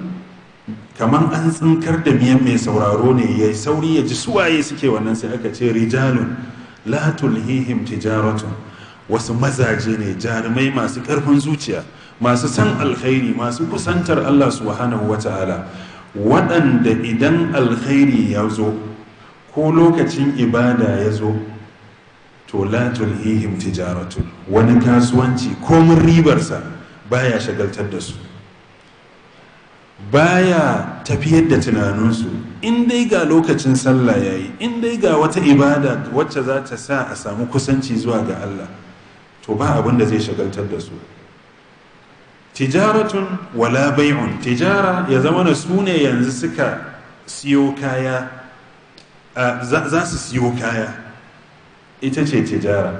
kamar an tsinkar da miyan mai sauraro ne ya sauri ya ji suwaye suke wannan sai aka ce rijalun la tulhihim tijaratun wasu mazaje ne jarumai masu karfin zuciya masu san alkhairi masu kusantar Allah subhanahu wa ta'ala waɗanda idan alkhairi ya zo ko lokacin ibada ya zo to la tulhihim tijaratun wani kasuwanci komin ribarsa baya shagaltar da su baya tafiyar da tunaninsu in dai ga lokacin sallah yayi in dai ga wata ibada wacce za ta sa a samu kusanci zuwa ga Allah to ba abin da zai shagaltar da su tijaratun wala bai'un tijara ya zama na su ne yanzu suka siyo kaya za su siyo kaya ita ce tijara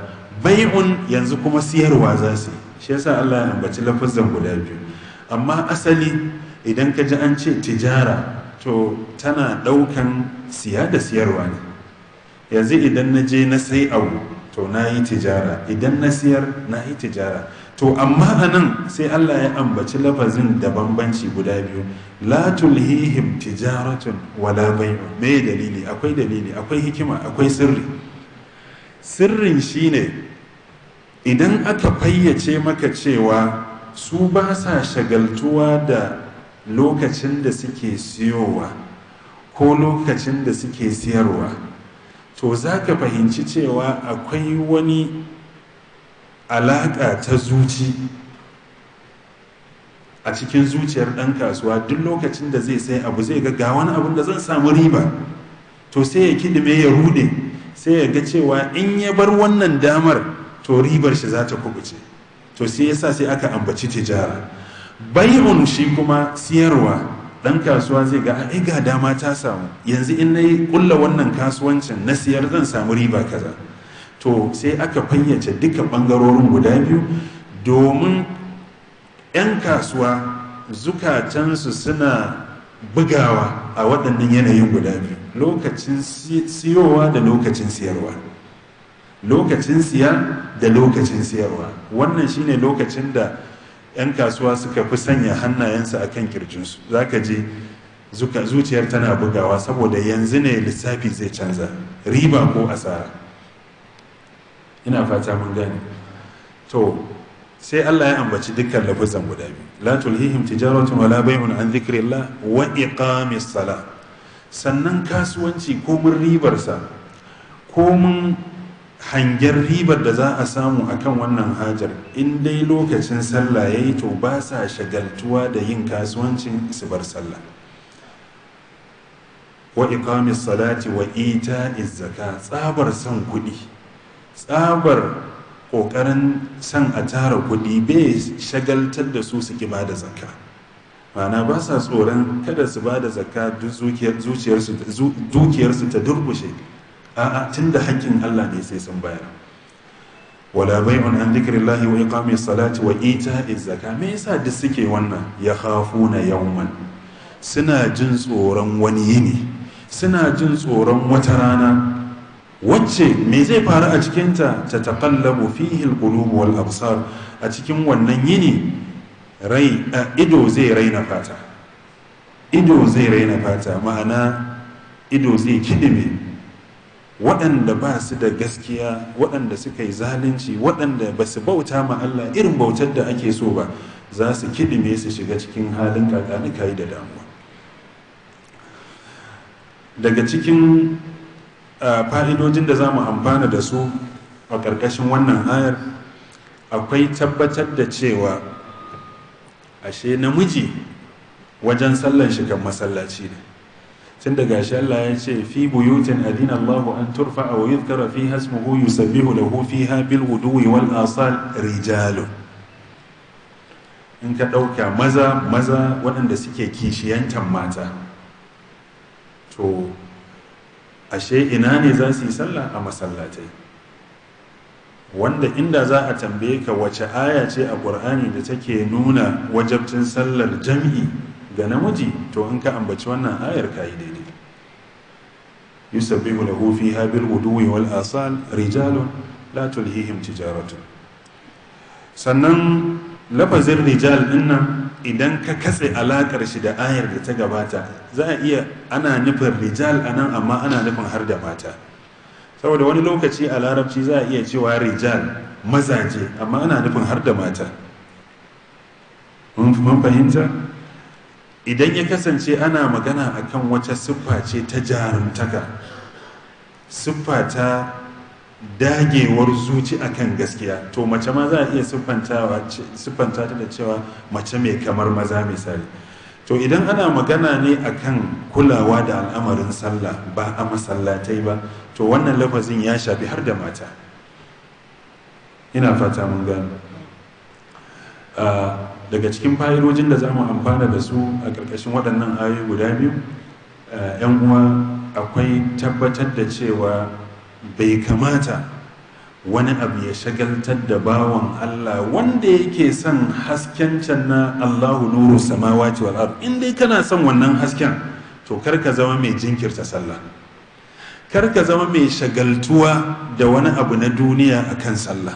bai'un yanzu kuma siyarwa za su shi yasa Allah ya ambaci lafazan guda biyu amma asali idan ka ji an ce tijara to tana ɗaukan siya da siyarwa ne yanzu idan na je na sai abu to na yi tijara idan na siyar na yi tijara to amma a nan sai allah ya ambaci lafazin da bambanci guda biyu la tulhihim tijaratun wala bai'un me dalili akwai dalili akwai hikima akwai sirri sirrin shine idan aka fayyace maka cewa su ba sa shagaltuwa da lokacin da suke siyowa ko lokacin da suke siyarwa to za ka fahimci cewa akwai wani alaƙa ta zuci a cikin zuciyar ɗan kasuwa duk lokacin da zai sai abu zai ga wani abin da zan samu riba to sai ya kidime ya rude sai ya ga cewa in ya bar wannan damar to ribar shi za ta kubuce to sai ya sa sai aka ambaci tijara bayan shi kuma siyarwa ɗan kasuwa zai ga ai ga dama ta samu yanzu in na yi ƙulla wannan kasuwancin na siyar zan samu riba kaza to sai aka fayyace duka ɓangarorin guda biyu domin 'yan kasuwa zukatansu suna bugawa a waɗannan yanayin guda biyu lokacin siyowa da lokacin siyarwa lokacin siya da lokacin siyarwa wannan shine lokacin da 'yan kasuwa suka fi sanya hannayensu a kan kirjinsu za ka je zuciyar tana bugawa saboda yanzu ne lissafi zai canza riba ko asara ina fata mun gane to sai Allah ya ambaci dukkan lafazan guda biyu la tulhihim wa wala bay'un an dhikrillah wa iqamis sala sannan kasuwanci ko mun ribarsa ko mun hangen ribar da za a samu akan wannan hajar in dai lokacin sallah yayi to ba sa shagaltuwa da yin kasuwancin su bar sallah wa iqamis salati wa ita'iz zakat tsabar san kuɗi tsabar ƙoƙarin san a tara kuɗi bai shagaltar da su su ki ba da zakka mana ba sa tsoron kada su ba da zakka dukiyarsu ta durkushe a'a tun da hakkin allah ne sai sun bayar wala bai'un an lahi wa mai salati wa in zakka me yasa duk suke wannan ya hafu na yawon. suna jin tsoron wani yini suna jin tsoron wata rana wacce me zai faru a cikinta ta taƙallabu fihi alqulub wal absar a cikin wannan yini rai ido zai raina fata ido zai raina fata ma'ana ido zai kidime waɗanda ba su da gaskiya waɗanda suka yi zalunci waɗanda ba su bauta ma Allah irin bautar da ake so ba za su kidime su shiga cikin halin kakani da damuwa daga cikin Eh, fa'idojin da za mu amfana da su a ƙarƙashin wannan ayar akwai tabbatar da cewa ashe namiji wajen sallan kan masallaci ne tun da gashi Allah ya ce fi buyutin adina Allah an turfa a wayar kara fi hasmuhu yusabbihu lahu ha bil wuduwi wal asal rijalu in ka ɗauka maza maza waɗanda suke kishiyantan mata to ashe ina ne za su yi sallah a masallatai wanda inda za a tambaye ka wace aya ce a ƙur'ani da take nuna wajabcin sallar jam'i ga namiji to in ka ambaci wannan ayar ka yi daidai yusabbihu lahu fiha bil wuduwi wal asal rijalun la tulhihim tijaratu sannan lafazin rijal dinnan idan ka katse alakar shi da ayar da ta gabata za a iya ana nufin rijal a nan amma ana nufin har da mata saboda wani lokaci a larabci za a iya cewa rijal mazaje amma ana nufin har da mata mun fahimta idan ya kasance ana magana akan wata siffa ce ta jarumtaka siffa ta dagewar zuci akan gaskiya to mace ma za a iya siffanta ta da cewa mace mai kamar maza misali to idan ana magana ne akan kulawa da al'amarin sallah ba a masallatai ba to wannan lafazin ya shafi har da mata ina fata mun gano daga cikin fa'idojin da za mu amfana da su a ƙarƙashin waɗannan ayoyi guda biyu 'yan uwa akwai tabbatar da cewa bai kamata wani abu ya shagaltar da bawan Allah wanda yake son hasken can na Allahu nuru samawati wa ard in dai kana son wannan hasken to kar ka zama mai jinkirta sallah kar ka zama mai shagaltuwa da wani abu na duniya a kan sallah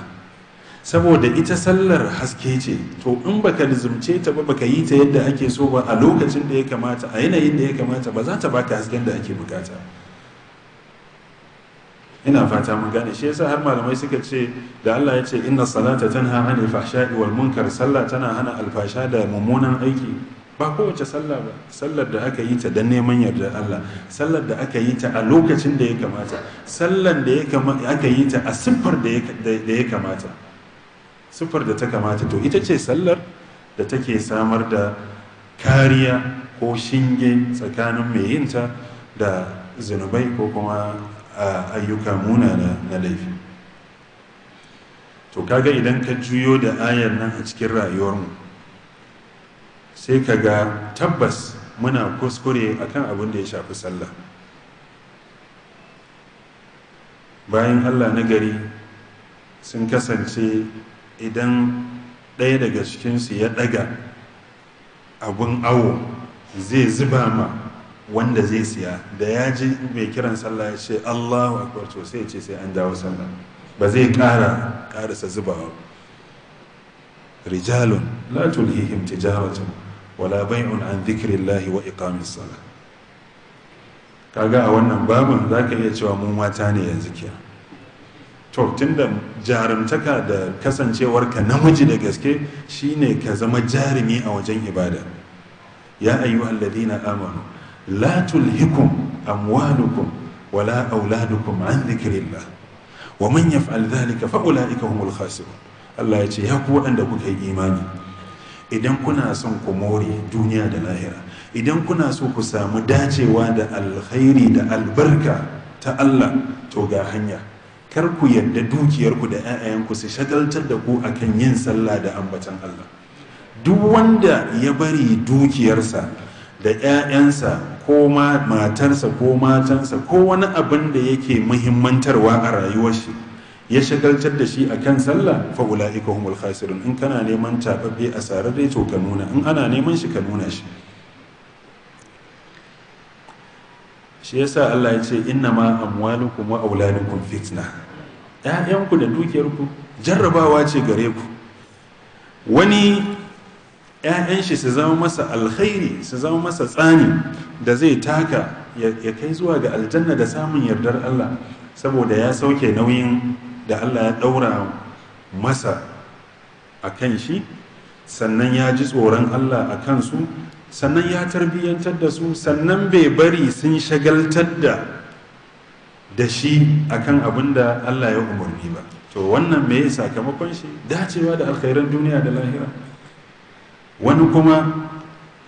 saboda ita sallar haske ce to in baka lizumce ta ba baka yi ta yadda ake so ba a lokacin da ya kamata a yanayin da ya kamata ba za ta baka hasken da ake bukata ina fata mun gane shi yasa har malamai suka ce da Allah ya ce inna salata tanha anil fahsha'i wal munkar sallah tana hana alfasha da mummunan aiki ba kowace sallah ba sallar da aka yi ta dan neman yarda Allah sallar da aka yi ta a lokacin da ya kamata sallar da aka yi ta a siffar da ya kamata siffar da ta kamata to ita ce sallar da take samar da kariya ko shinge tsakanin mai yinta da zunubai ko kuma a ayyuka munana na laifi to kaga idan ka juyo da ayar nan a cikin rayuwarmu sai ka ga tabbas muna kuskure a kan abin da ya shafi sallah bayan allah na gari sun kasance idan ɗaya daga cikinsu ya ɗaga abin awo zai zuba ma wanda zai siya da ya ji mai kiran sallah ya ce allahu akbar to sai ce sai an dawo sallah ba zai ƙara ƙarasa zubawa rijalun la tulhihim tijaratun wala bai'un an dhikrillahi wa iqamis salah kaga a wannan babin zaka iya cewa mun mata ne yanzu kiya to tunda jarumtaka da kasancewar ka namiji da gaske shine ka zama jarumi a wajen ibada ya ayyuhal ladina amanu la tulhikum amwalukum wala auladukum an dhikrillah wa man yaf'al dhalika fa ulaika humul Allah ya ce ya ku waɗanda kuka yi imani idan kuna son ku more duniya da lahira idan kuna so ku samu dacewa da alkhairi da albarka ta Allah to ga hanya kar ku yarda dukiyarku da 'ya'yanku su shagaltar da ku akan yin sallah da ambatan Allah duk wanda ya bari dukiyarsa da 'ya'yansa ko ma matarsa ko matansa ko wani abin da yake muhimmantarwa a rayuwar shi ya shagaltar da shi a kan sallah fa ula'ika humul khasirun in kana neman tababbe a sararre to ka nuna in ana neman shi ka nuna shi shi yasa Allah ya ce inna ma amwalukum wa auladukum fitna Ya'yanku da dukiyarku jarrabawa ce gare ku wani 'ya'yan shi su zama masa alkhairi su zama masa tsani da zai taka ya kai zuwa ga aljanna da samun yardar Allah saboda ya sauke nauyin da Allah ya ɗaura masa a kan shi sannan ya ji tsoron Allah a kansu sannan ya tarbiyyantar da su sannan bai bari sun shagaltar da da shi akan abin da Allah ya umarni ba to wannan me sakamakon shi dacewa da alkhairan duniya da lahira wani kuma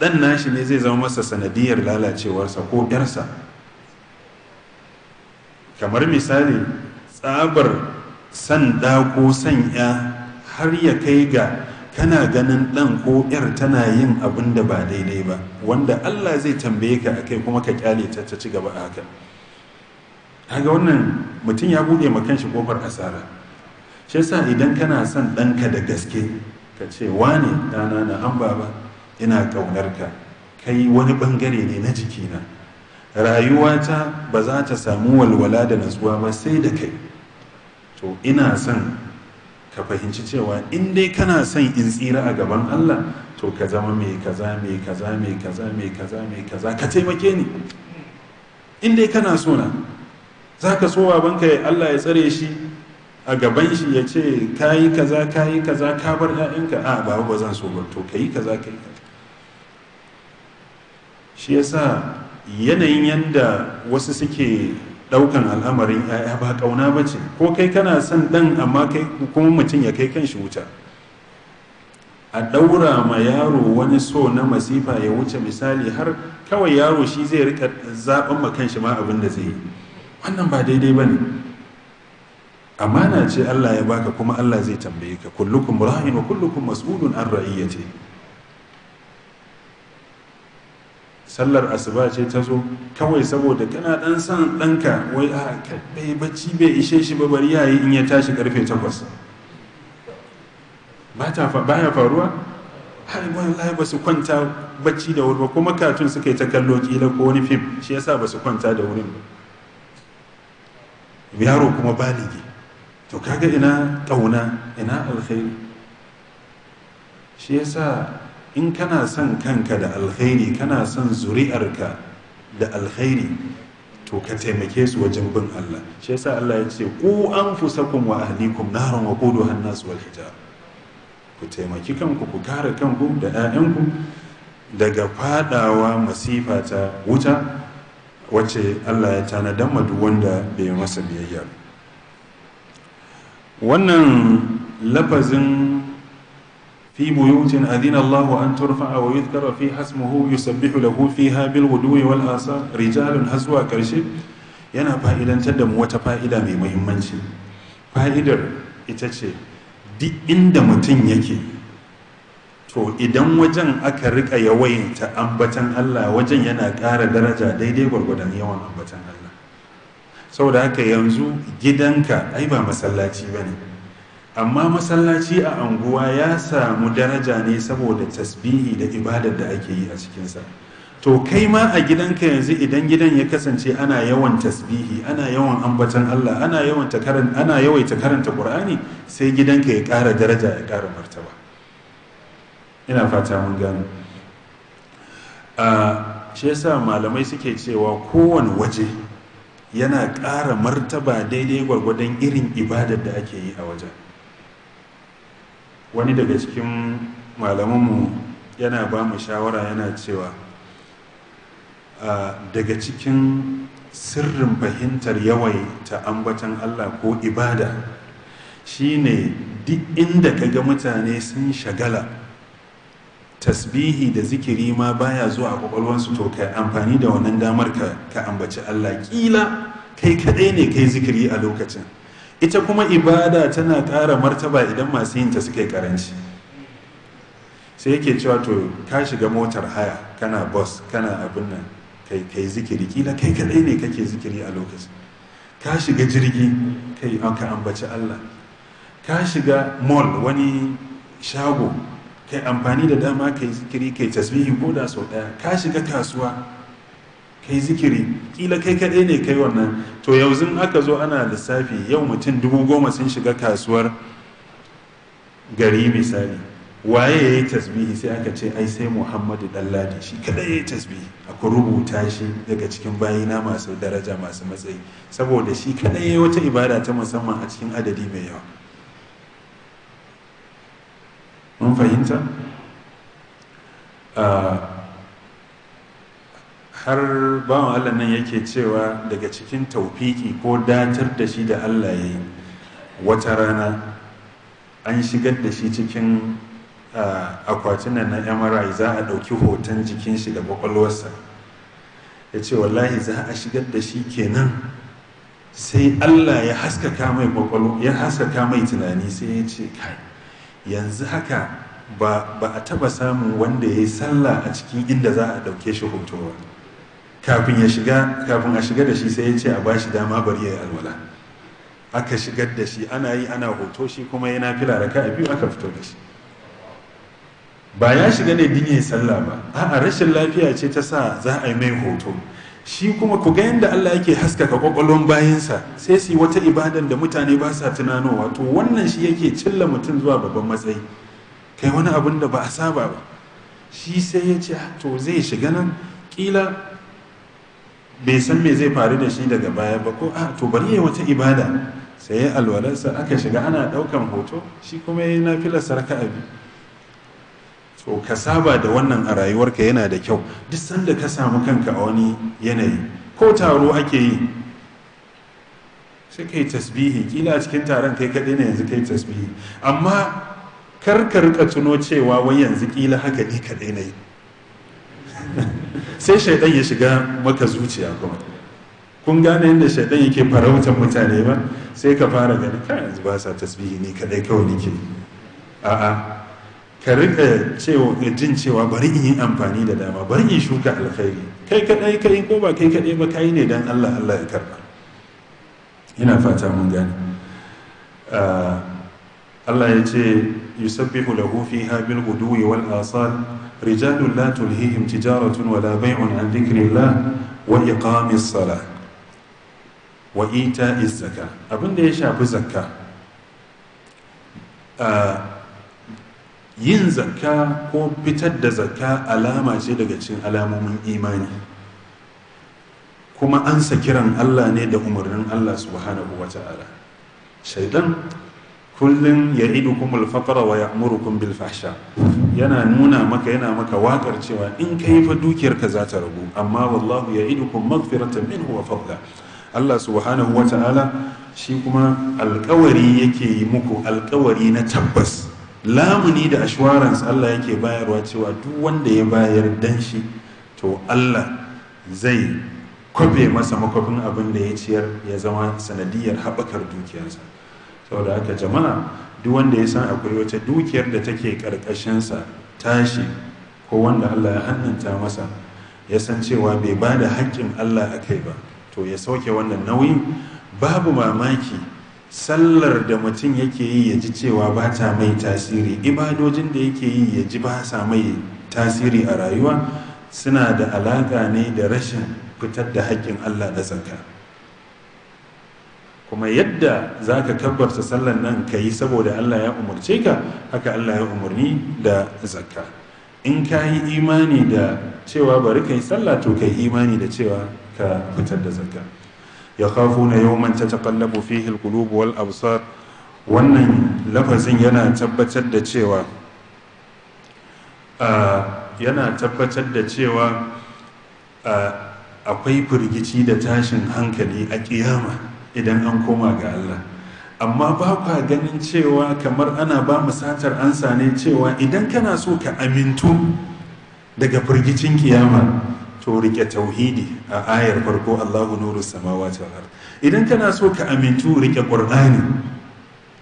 ɗan nashi ne zai zama masa sanadiyar lalacewarsa ko ƴarsa kamar misali tsabar san ɗa ko san ya har ya kai ga kana ganin ɗan ko ƴar tana yin abin da ba daidai ba wanda allah zai tambaye ka kai kuma ka kyale ta ta ci gaba a haka kaga wannan mutum ya buɗe ma kanshi kofar asara shi yasa idan kana son ɗanka da gaske ka ce ne ɗana na an baba ina ka kai wani ɓangare ne na jikina rayuwata ba za ta samu walwala da natsuwa ba sai da kai to ina son ka fahimci cewa in dai kana son in tsira a gaban Allah to ka zama mai kaza mai kaza mai kaza mai kaza mai kaza ka taimake ni in dai kana so na za ka so babanka ya Allah ya tsare shi a gaban shi ya ce ka yi kaza ka yi kaza ka bar 'ya'yanka a ba ba zan so ba to ka yi kaza ka yi kaza shi ya sa yanayin yadda wasu suke ɗaukan al'amarin 'ya'ya ba kauna ba ce ko kai kana son ɗan amma kai kuma mutum ya kai kan shi wuta a ɗaura ma yaro wani so na masifa ya wuce misali har kawai yaro shi zai rika zaɓen ma kanshi ma abin da zai yi wannan ba daidai ba ne amana ce Allah ya baka kuma Allah zai tambaye ka kullukum ra'in wa kullukum mas'ulun an ra'iyati sallar asuba ce ta zo kawai saboda kana dan san danka wai a ah, bai bacci bai ishe shi ba bari yayi in ya tashi karfe 8 ba ta baya faruwa har Allah ba su kwanta bacci da wuri ba kuma katun suka yi ta kallo kila ko wani fim shi yasa ba su kwanta da wurin ba yaro kuma baligi to kaga ina ƙauna ina alkhairi shi yasa in kana son kanka da alkhairi kana son zuri'arka da alkhairi to ka taimake su wajen bin Allah shi yasa Allah ya ce ku anfusakum wa ahlikum naran wa quduha hannu nas wal hijar ku taimaki kanku ku kare kanku da 'ya'yanku daga fadawa masifa ta wuta wacce Allah ya tana madu wanda bai masa biyayya ba wannan lafazin fi buyutin adina Allah an turfa'a wa yuzkara fi hasmuhu yusabbihu lahu fiha bil ghudwi wal asar rijalun haswa karshe yana fa'idantar da mu wata fa'ida mai muhimmanci fa'idar ita ce duk inda mutum yake to idan wajen aka rika yawaita ambatan Allah wajen yana ƙara daraja daidai gwargwadon yawan ambatan Allah saboda haka yanzu gidanka ai ba masallaci ba ne amma masallaci a anguwa ya samu daraja ne saboda tasbihi da ibadar da ake yi a cikinsa to kai ma a gidanka yanzu idan gidan ya kasance ana yawan tasbihi ana yawan ambatan Allah ana yawan ana yawaita karanta Qur'ani sai gidanka ya ƙara daraja ya ƙara martaba ina fata mun gano a ah, shi yasa malamai suke cewa kowane waje yana ƙara martaba daidai gwargwadon irin ibadar da ake yi a wajen wani daga cikin malamanmu yana ba mu shawara yana cewa daga cikin sirrin fahimtar yawai ta ambatan allah ko ibada shine duk inda ka ga mutane sun shagala tasbihi da zikiri ma baya zuwa a kwakwalwansu to ka amfani da wannan damar ka ambaci Allah kila kai kaɗai ne kai zikiri a lokacin ita kuma ibada tana ƙara martaba idan masu yinta suke karanci sai yake cewa to ka shiga motar haya kana bus kana abin nan kai kai zikiri kila kai kaɗai ne kake zikiri a lokacin ka shiga jirgi kai ka ambaci Allah ka shiga mall wani shago kai amfani da dama kai zikiri kai tasbihi ko da sau daya ka shiga kasuwa kai zikiri kila kai kaɗai ne kai wannan to yanzu aka zo ana lissafi yau mutum dubu goma sun shiga kasuwar gari misali waye ya yi tasbihi sai aka ce ai sai muhammadu ɗanladi shi kaɗai ya yi tasbihi akwai rubuta shi daga cikin bayina masu daraja masu matsayi saboda shi kaɗai ya yi wata ibada ta musamman a cikin adadi mai yawa mun fahimta ah, har bawan allah nan yake cewa daga cikin taufiki ko datar da shi da allah ya yi wata rana an shigar da shi cikin ah, akwatin na mri za a ɗauki hoton jikin shi da kwakwalwarsa ya ce wallahi za a shigar da shi kenan sai allah ya haskaka mai tunani sai ya ce kai yanzu haka ba a taba samun wanda ya yi sallah a cikin inda za a ɗauke shi hoto ba kafin ya shiga kafin a shiga da shi sai ya ce a bashi dama bari ya yi alwala aka shigar da shi ana yi ana hoto shi kuma yana fila raka a biyu aka fito da shi ba ya shiga ne din ya yi sallah ba a'a rashin lafiya ce ta sa za a yi mai hoto shi kuma ku ga yadda Allah yake haskaka kwakwalwan bayansa sai su yi wata ibadan da mutane ba sa tunanowa to wannan shi yake cilla mutum zuwa babban matsayi kai wani abin da ba a saba ba shi sai ya ce ah, to zai shiga nan kila bai san me zai faru da shi daga baya ba ko a ah, to bari ya wata ibada sai ya alwalarsa aka shiga ana daukan hoto shi kuma ya yi nafilar sarka abi so ka saba da wannan a rayuwarka yana da kyau duk sanda ka samu kanka a wani yanayi ko taro ake yi sai kai tasbihi kila a cikin taron kai kaɗai ne yanzu kai tasbihi amma kar ka tuno cewa wai yanzu kila haka ne kaɗai ne sai shaidan ya shiga maka zuciya kuma kun gane yadda shaidan yake farautar mutane ba sai ka fara gani kai yanzu ba sa tasbihi ne kaɗai kawai nake a'a ka rika cewa jin cewa bari in yi amfani da dama bari in shuka alkhairi kai kadai kai ko ba kai kadai ba kai ne dan Allah Allah ya karba ina fata mun gane ah, Allah ya ce yusabbihu lahu fiha bil ghuduwi wal asal rijalun la tulhihim tijaratun wala bay'un an dhikrillah wa iqamis salah wa ita'iz zakah abinda ya shafi zakka ah, yin zakka ko fitar da zakka alama ce daga cikin alamomin imani kuma an sa kiran Allah ne da umarnin Allah subhanahu wa ta'ala shaidan kullum ya idu kuma alfaqara wa ya'murukum bil fahsha yana nuna maka yana maka wakar cewa in yi fa dukiyar ka za ta ragu amma wallahu ya idu kuma maghfiratan minhu wa fadla Allah subhanahu wa ta'ala shi kuma alkawari yake yi muku alkawari na tabbas lamuni da ashwarans Allah yake bayarwa cewa duk wanda ya bayar dan shi to Allah zai kwafe masa makwafin abin da ya ciyar ya zama sanadiyar haɓakar dukiyarsa saboda haka jama'a duk wanda ya san akwai wata dukiyar da take ƙarƙashinsa tashi ko wanda Allah ya hannunta masa ya san cewa bai ba da haƙƙin Allah a kai ba to ya sauke wannan nauyin babu mamaki sallar da mutum yake yi ya ji cewa ba ta mai tasiri ibadojin da yake yi ya ji ba sa mai tasiri a rayuwa suna da alaƙa ne da rashin fitar da haƙƙin allah da tsaka kuma yadda za ka kabbarta sallar nan ka yi saboda allah ya umarce ka haka allah ya umarni da zakka in ka yi imani da cewa bari ka yi sallah to ka yi imani da cewa ka fitar da zakka yakhafuna yawman tataqallabu fihi alqulub wal absar wannan lafazin yana tabbatar da cewa yana tabbatar da cewa akwai firgici da tashin hankali a ƙiyama idan an koma ga Allah amma ba kwa ganin cewa kamar ana ba mu satar ansa ne cewa idan kana so ka amintu daga firgicin kiyama to rike tauhidi a ayar farko Allahu nuru samawa ta har idan kana so ka amintu rike qur'ani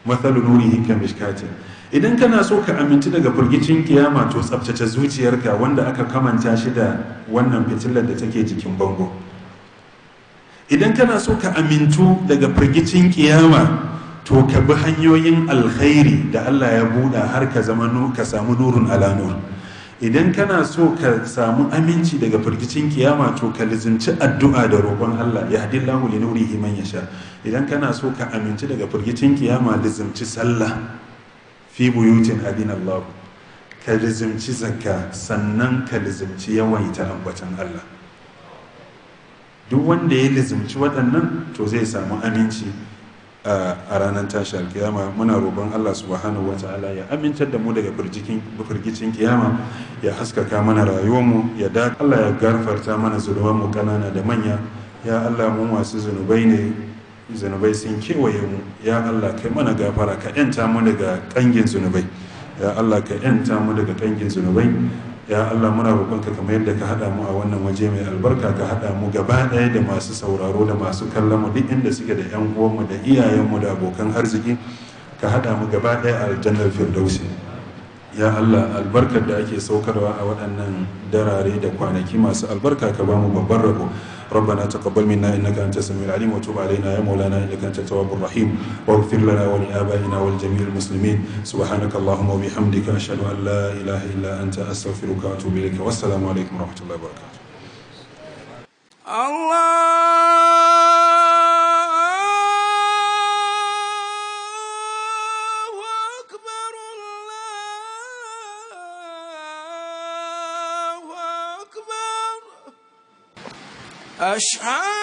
mathalu nurihi kamishkatin idan kana so ka amintu daga furgicin kiyama to tsabtace zuciyarka wanda aka kamanta shi da wannan fitilar da take jikin bango idan kana so ka amintu daga firgicin kiyama to ka bi hanyoyin alkhairi da Allah ya buɗa har ka zama ka samu nurun ala nur idan kana so ka samu aminci daga firgicin kiyama to ka lizinci addu'a da roƙon Allah ya hadi na li iman ya yasha idan kana so ka aminci daga firgicin kiyama lizinci sallah fi buyutin adina Allah ka lizinci zakka sannan ka lizinci ta ambatan Allah duk wanda ya lizinci waɗannan to zai samu aminci a ranar tashi alkiyama muna roƙon Allah subhanahu wa ta'ala ya amintar da mu daga firgicin kiyama ya haskaka mana rayuwar mu, ya da Allah ya garfarta mana mu kanana da manya ya Allah mu masu zunubai ne zunubai sun kewaye mu ya Allah kai mana gafara ka yanta mu daga kangin zunubai ya Allah ka yanta mu daga kangin zunubai ya Allah muna roƙonka kamar yadda ka haɗa mu a wannan waje mai albarka ka haɗa mu gaba ɗaya da masu sauraro da masu kallon mu duk inda suke da yan uwanmu da mu da abokan arziki ka haɗa mu gaba ɗaya a aljannar firdausi ya Allah albarkar da ake saukarwa a waɗannan darare da kwanaki masu albarka ka ba mu babban rabo ربنا تقبل منا انك انت السميع العليم وتب علينا يا مولانا انك انت التواب الرحيم واغفر لنا ولابائنا ولجميع المسلمين سبحانك اللهم وبحمدك اشهد ان لا اله الا انت استغفرك واتوب اليك والسلام عليكم ورحمه الله وبركاته الله أشهد